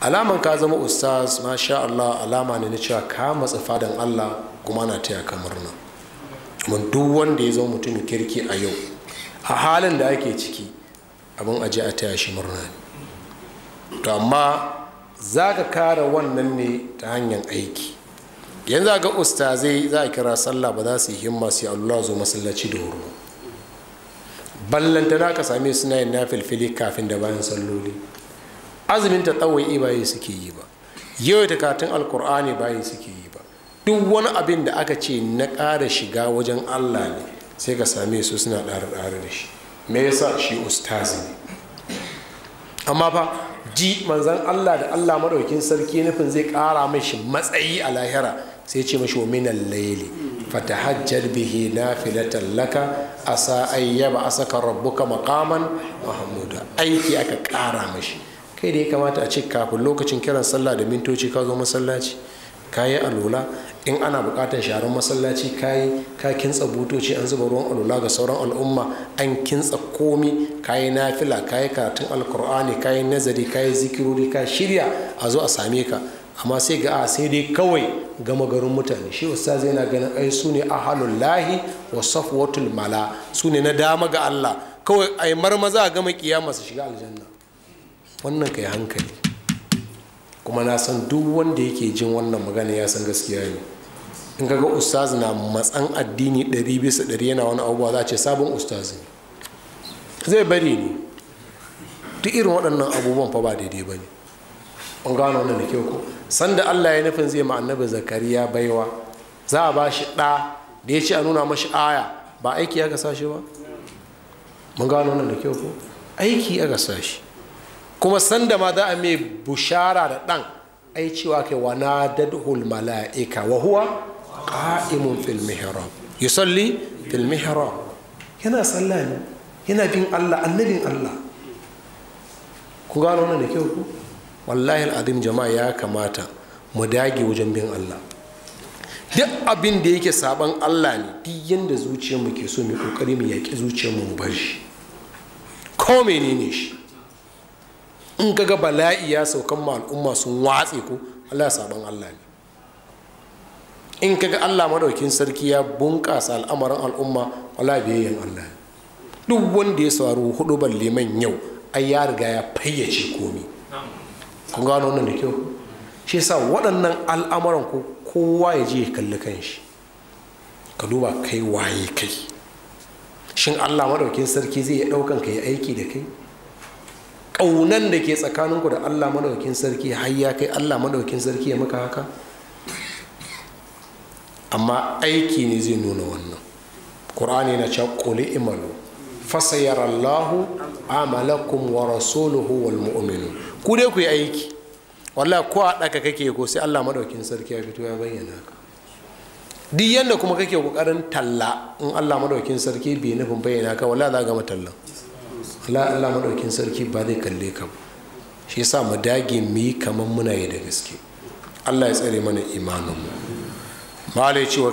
alaman ka zama ustaz masha Allah alama ne na cewa ka matsa fadan Allah kuma na taya ka murna Mun duk wanda ya zama mutumin kirki a yau a halin da ake ciki abin aje a taya shi murna ne to amma za ka kara wannan ne ta hanyar aiki yanzu ga ustazai za a kira sallah ba za su yi himma su yi allah zo masallaci da wuri na ka same suna yin na filfili kafin da bayan salloli azumin ta tsawai yi bayan suke yi ba yau ta katin alkur'ani bayan suke yi ba duk wani abin da aka ce na ƙara shiga wajen allah ne sai ka same su suna ɗara ɗara da shi me yasa shi ustazi ne amma fa ji manzan allah da allah maɗaukin sarki nufin zai ƙara mashi matsayi a lahira sai ce mashi wa minan Fata fatahajjar bihi na filatan laka a sa'ayya ba a saka rabbuka makaman Mahmuda aiki aka ƙara mashi kai da ya kamata a ce kafin lokacin kiran sallah da mintoci ka zo masallaci ka yi alula in ana bukatar sharan masallaci ka yi ka kintsa butoci an zuba ruwan alula ga sauran al'umma an kintsa komi ka yi nafila ka yi karatun alkur'ani ka yi nazari ka yi zikirori ka shirya a zo a same ka amma sai ga a sai dai kawai gama garin mutane shi wasu ustaz yana ganin ai su ne ahalul lahi wa safwatul mala su ne na dama ga Allah kawai ai marmaza a gama kiyama su shiga aljanna wannan kai hankali kuma na san duk wanda yake jin wannan magana ya san gaskiya ne in ka ga ustaz na matsan addini 100% bisa yana wani abubuwa za a ce sabon ustaz ne zai bari ne duk irin waɗannan abubuwan fa ba daidai ba ne an gano wannan da kyau ko sanda allah ya nufin zai ma zakariya baiwa za a ba shi ɗa da ya ce a nuna mashi aya ba aiki ya gasa ba mun gano wannan da kyau ko aiki ya gasa kuma sanda ma za a mai bushara da ɗan ai cewa kai wa na dadhul mala'ika wa huwa qa'imun fil mihrab yusalli fil mihrab yana sallah yana bin Allah annabin Allah ku gano wannan da kyau ku wallahi al'adun jama'a ya kamata mu dage wajen bin Allah duk abin da yake saban Allah ne duk yanda zuciyarmu ke so mu kokari mu yaki zuciyarmu mu bar shi ko menene shi in kaga bala'i ya saukan ma al'umma sun watse ko allah sabon allah ne in kaga allah madaukin sarki ya bunƙasa al'amarin al'umma wala biyayyen allah duk wanda ya saro hudu man yau ai ya riga ya fayyace komai kun gano wannan da kyau shi yasa waɗannan al'amuran ko kowa ya je ya kalli shi? ka duba kai waye kai shin allah madaukin sarki zai iya ɗaukan ka ya aiki da kai ƙaunan da ke tsakaninku da allah maɗaukin sarki har ya kai allah maɗaukin sarki ya maka haka amma aiki ne zai nuna wannan ƙur'ani na cewa ƙuli imalu fasayar allahu amalakum wa rasuluhu wal mu'minu ku dai ku yi aiki wallah ko a ɗaka kake ko sai allah madaukin sarki ya fito ya bayyana ka duk yadda kuma kake ƙoƙarin talla in allah maɗaukin sarki bai nufin bayyana ka wala za gama tallan la Allah madaukin sarki ba zai kalle ka ba shi yasa mu dage mu yi kamar muna yi da gaske Allah ya tsare mana imanin mu malai cewa